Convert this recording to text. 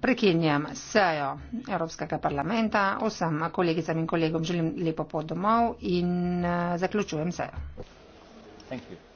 Prekinjam sejo Evropskega parlamenta. Vsem kolegicam in kolegom želim lepo pot domov in eh, zaključujem sejo.